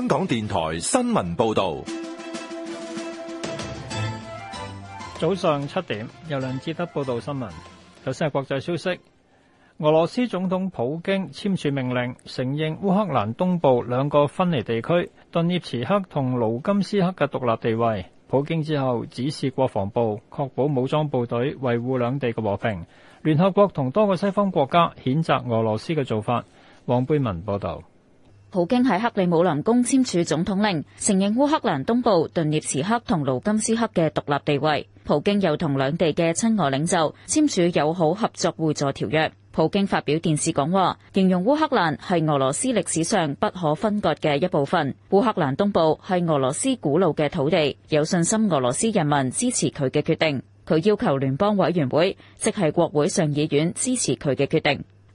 香港電台新聞報道，早上七點，由梁志德報道新聞。首先係國際消息：俄羅斯總統普京簽署命令，承認烏克蘭東部兩個分離地區頓涅茨克同盧甘斯克嘅獨立地位。普京之後指示國防部確保武裝部隊維護兩地嘅和平。聯合國同多個西方國家譴責俄羅斯嘅做法。黃貝文報道。普京喺克里姆林宮簽署總統令，承認烏克蘭東部頓涅茨克同盧甘斯克嘅獨立地位。普京又同兩地嘅親俄領袖簽署友好合作互助條約。普京發表電視講話，形容烏克蘭係俄羅斯歷史上不可分割嘅一部分。烏克蘭東部係俄羅斯古老嘅土地，有信心俄羅斯人民支持佢嘅決定。佢要求聯邦委員會，即係國會上議院支持佢嘅決定。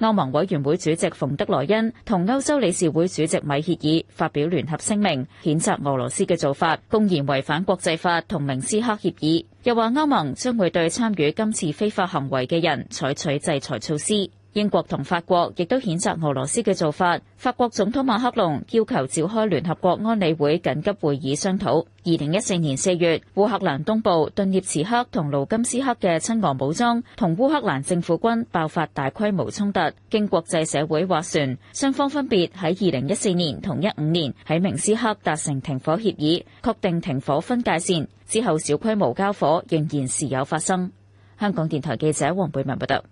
歐盟委員會主席馮德萊恩同歐洲理事會主席米歇爾發表聯合聲明，譴責俄羅斯嘅做法公然違反國際法同明斯克協議，又話歐盟將會對參與今次非法行為嘅人採取制裁措施。英國同法國亦都譴責俄羅斯嘅做法。法國總統馬克龍要求召開聯合國安理會緊急會議商討。二零一四年四月，烏克蘭東部頓涅茨克同盧甘斯克嘅親俄武裝同烏克蘭政府軍爆發大規模衝突。經國際社會斡旋，雙方分別喺二零一四年同一五年喺明斯克達成停火協議，確定停火分界線。之後小規模交火仍然時有發生。香港電台記者黃貝文報道。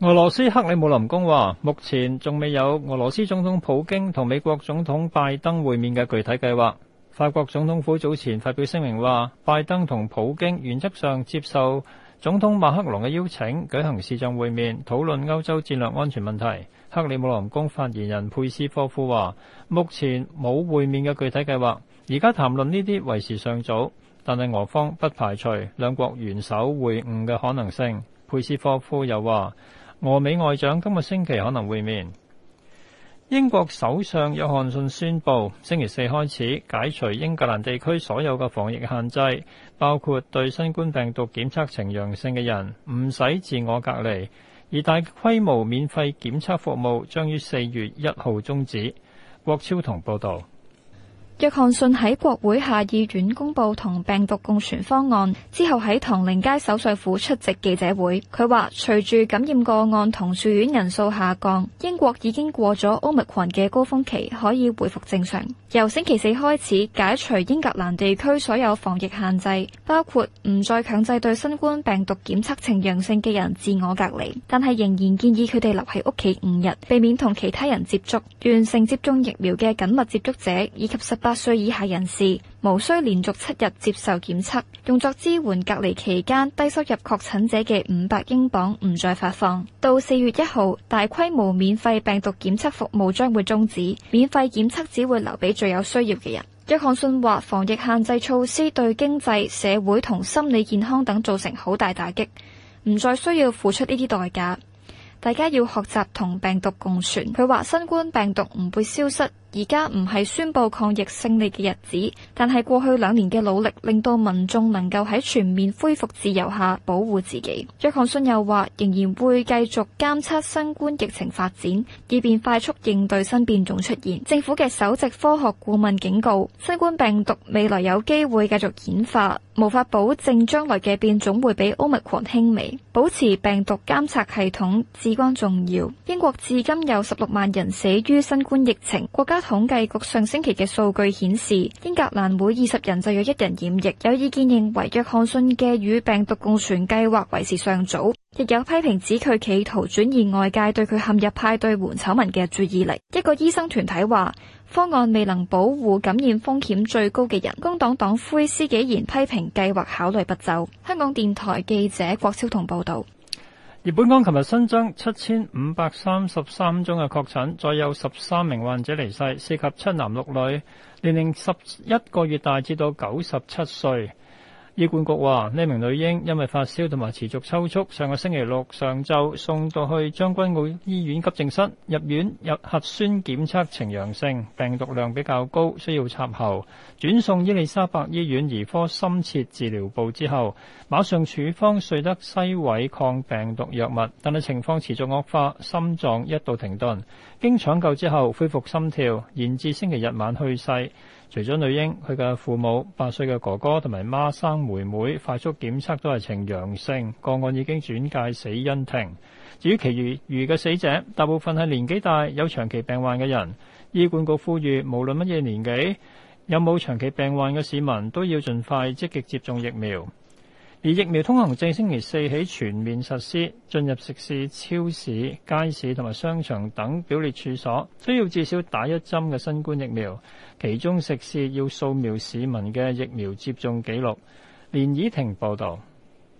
俄羅斯克里姆林宮話，目前仲未有俄羅斯總統普京同美國總統拜登會面嘅具體計劃。法國總統府早前發表聲明話，拜登同普京原則上接受總統馬克龍嘅邀請舉行視像會面，討論歐洲戰略安全問題。克里姆林宮發言人佩斯科夫話，目前冇會面嘅具體計劃，而家談論呢啲為時尚早，但係俄方不排除兩國元首會晤嘅可能性。佩斯科夫又話。俄美外長今個星期可能會面。英國首相約翰遜宣布，星期四開始解除英格蘭地區所有嘅防疫限制，包括對新冠病毒檢測呈陽性嘅人唔使自我隔離，而大規模免費檢測服務將於四月一號終止。郭超同報道。約翰遜喺國會下議院公布同病毒共存方案之後，喺唐寧街首相府出席記者會。佢話：隨住感染個案同住院人數下降，英國已經過咗歐密群嘅高峰期，可以回復正常。由星期四開始，解除英格蘭地區所有防疫限制，包括唔再強制對新冠病毒檢測呈陽性嘅人自我隔離，但係仍然建議佢哋留喺屋企五日，避免同其他人接觸。完成接種疫苗嘅緊密接觸者以及失八歲以下人士無需連續七日接受檢測，用作支援隔離期間低收入確診者嘅五百英鎊唔再發放。到四月一號，大規模免費病毒檢測服務將會終止，免費檢測只會留俾最有需要嘅人。約翰遜話防疫限制措施對經濟、社會同心理健康等造成好大打擊，唔再需要付出呢啲代價。大家要學習同病毒共存。佢話新冠病毒唔會消失。而家唔係宣布抗疫勝利嘅日子，但係過去兩年嘅努力令到民眾能夠喺全面恢復自由下保護自己。約翰遜又話仍然會繼續監測新冠疫情發展，以便快速應對新變種出現。政府嘅首席科學顧問警告，新冠病毒未來有機會繼續演化，無法保證將來嘅變種會比 Omicron 輕微。保持病毒監測系統至關重要。英國至今有十六萬人死於新冠疫情，國家統計局上星期嘅數據顯示，英格蘭每二十人就有一人染疫。有意見認為，約翰遜嘅與病毒共存計劃為時尚早，亦有批評指佢企圖轉移外界對佢陷入派對門醜聞嘅注意力。一個醫生團體話，方案未能保護感染風險最高嘅人。工黨黨魁施紀賢批評計劃考慮不周。香港電台記者郭超同報道。而本港琴日新增七千五百三十三宗嘅確診，再有十三名患者離世，涉及七男六女，年齡十一個月大至到九十七歲。醫管局話：呢名女嬰因為發燒同埋持續抽搐，上個星期六上晝送到去將軍澳醫院急症室入院，入核酸檢測呈陽性，病毒量比較高，需要插喉，轉送伊利沙伯醫院兒科深切治療部之後，馬上處方瑞德西韋抗病毒藥物，但係情況持續惡化，心臟一度停頓。經搶救之後恢復心跳，延至星期日晚去世。除咗女嬰，佢嘅父母、八歲嘅哥哥同埋孖生妹妹快速檢測都係呈陽性，個案已經轉介死因庭。至於其餘餘嘅死者，大部分係年紀大、有長期病患嘅人。醫管局呼籲，無論乜嘢年紀、有冇長期病患嘅市民，都要盡快積極接種疫苗。而疫苗通行證星期四起全面實施，進入食肆、超市、街市同埋商場等表列處所，需要至少打一針嘅新冠疫苗。其中食肆要掃描市民嘅疫苗接種記錄。連以婷報道。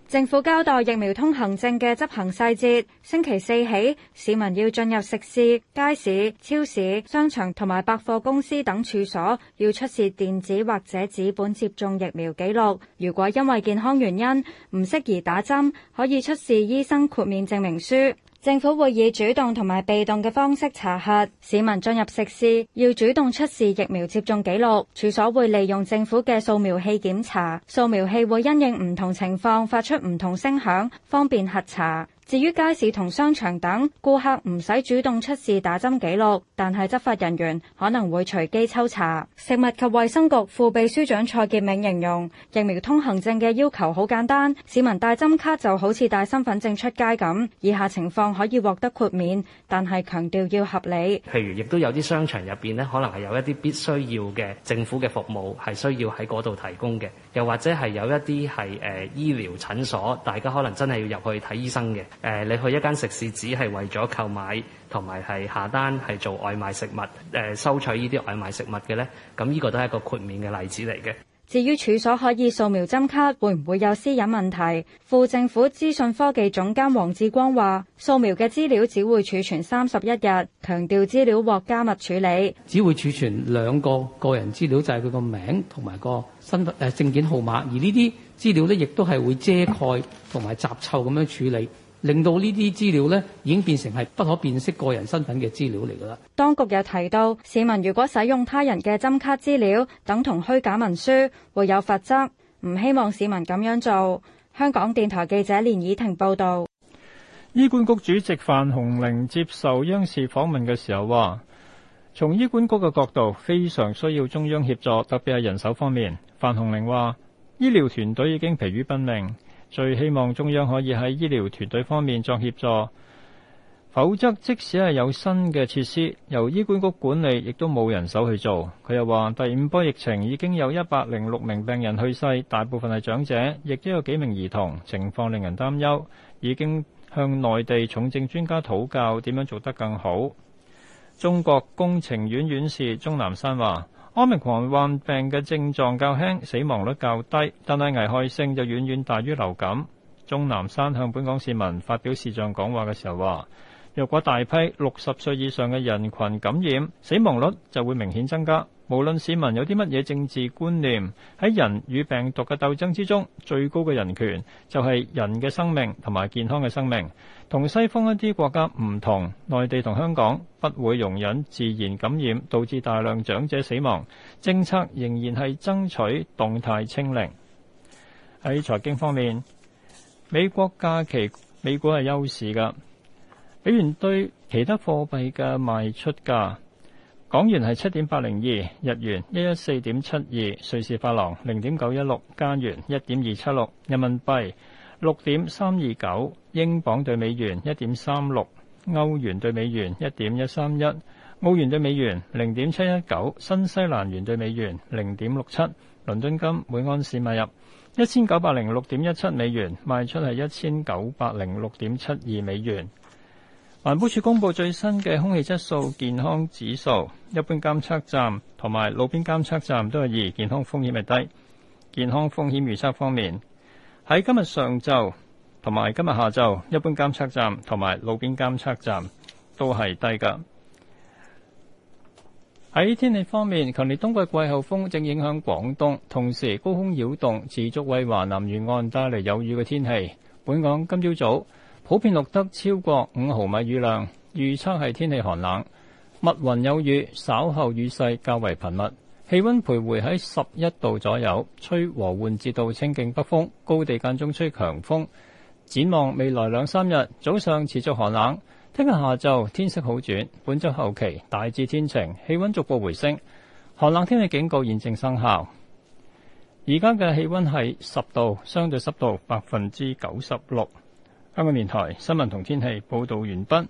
政府交代疫苗通行證嘅執行細節，星期四起，市民要進入食肆、街市、超市、商場同埋百貨公司等處所，要出示電子或者紙本接種疫苗記錄。如果因為健康原因唔適宜打針，可以出示醫生豁免證明書。政府會以主動同埋被動嘅方式查核，市民進入食肆要主動出示疫苗接種記錄，處所會利用政府嘅掃描器檢查，掃描器會因應唔同情況發出唔同聲響，方便核查。至於街市同商場等，顧客唔使主動出示打針記錄，但係執法人員可能會隨機抽查。食物及衛生局副秘書長蔡潔敏形容，疫苗通行證嘅要求好簡單，市民帶針卡就好似帶身份證出街咁。以下情況可以獲得豁免，但係強調要合理。譬如，亦都有啲商場入面，呢可能係有一啲必須要嘅政府嘅服務係需要喺嗰度提供嘅，又或者係有一啲係誒醫療診所，大家可能真係要入去睇醫生嘅。誒，你去一間食肆，只係為咗購買同埋係下單，係做外賣食物收取呢啲外賣食物嘅咧，咁呢個都係一個豁免嘅例子嚟嘅。至於處所可以掃描針卡，會唔會有私隱問題？副政府資訊科技總監黃志光話，掃描嘅資料只會儲存三十一日，強調資料獲加密處理，只會儲存兩個個人資料，就係佢個名同埋個身份證件號碼，而呢啲資料呢，亦都係會遮蓋同埋雜湊咁樣處理。令到呢啲資料呢，已經變成係不可辨識個人身份嘅資料嚟㗎啦。當局又提到，市民如果使用他人嘅針卡資料，等同虛假文書，會有罰則。唔希望市民咁樣做。香港電台記者連以婷報道：「醫管局主席范洪玲接受央視訪問嘅時候話，從醫管局嘅角度，非常需要中央協助，特別係人手方面。范洪玲話，醫療團隊已經疲於奔命。最希望中央可以喺醫療團隊方面作協助，否則即使係有新嘅設施，由醫管局管理，亦都冇人手去做。佢又話第五波疫情已經有一百零六名病人去世，大部分係長者，亦都有幾名兒童，情況令人擔憂，已經向內地重症專家討教點樣做得更好。中國工程院院士鐘南山話。Omicron 患病嘅症狀較輕，死亡率較低，但係危害性就遠遠大於流感。鍾南山向本港市民發表視像講話嘅時候話，若果大批六十歲以上嘅人群感染，死亡率就會明顯增加。無論市民有啲乜嘢政治觀念，喺人與病毒嘅鬥爭之中，最高嘅人權就係人嘅生命同埋健康嘅生命。同西方一啲國家唔同，內地同香港不會容忍自然感染導致大量長者死亡。政策仍然係爭取動態清零。喺財經方面，美國假期美股係優勢嘅，美元對其他貨幣嘅賣出價。港元係七點八零二，日元一一四點七二，瑞士法郎零點九一六，加元一點二七六，人民幣六點三二九，英鎊對美元一點三六，歐元對美元一點一三一，澳元對美元零點七一九，新西蘭元對美元零點六七，倫敦金每安士買入一千九百零六點一七美元，賣出係一千九百零六點七二美元。環保署公布最新嘅空氣質素健康指數，一般監測站同埋路邊監測站都係二，健康風險係低。健康風險預測方面，喺今日上晝同埋今日下晝，一般監測站同埋路邊監測站都係低㗎。喺天氣方面，強烈冬季季候風正影響廣東，同時高空擾動持續為華南沿岸帶嚟有雨嘅天氣。本港今朝早，普遍錄得超過五毫米雨量，預測係天氣寒冷，密雲有雨，稍後雨勢較為頻密。氣温徘徊喺十一度左右，吹和緩至到清勁北風，高地間中吹強風。展望未來兩三日，早上持續寒冷，聽日下晝天色好轉，本週後期大致天晴，氣温逐步回升。寒冷天氣警告現正生效。而家嘅氣温係十度，相對濕度百分之九十六。香港電台新聞同天氣報道完畢。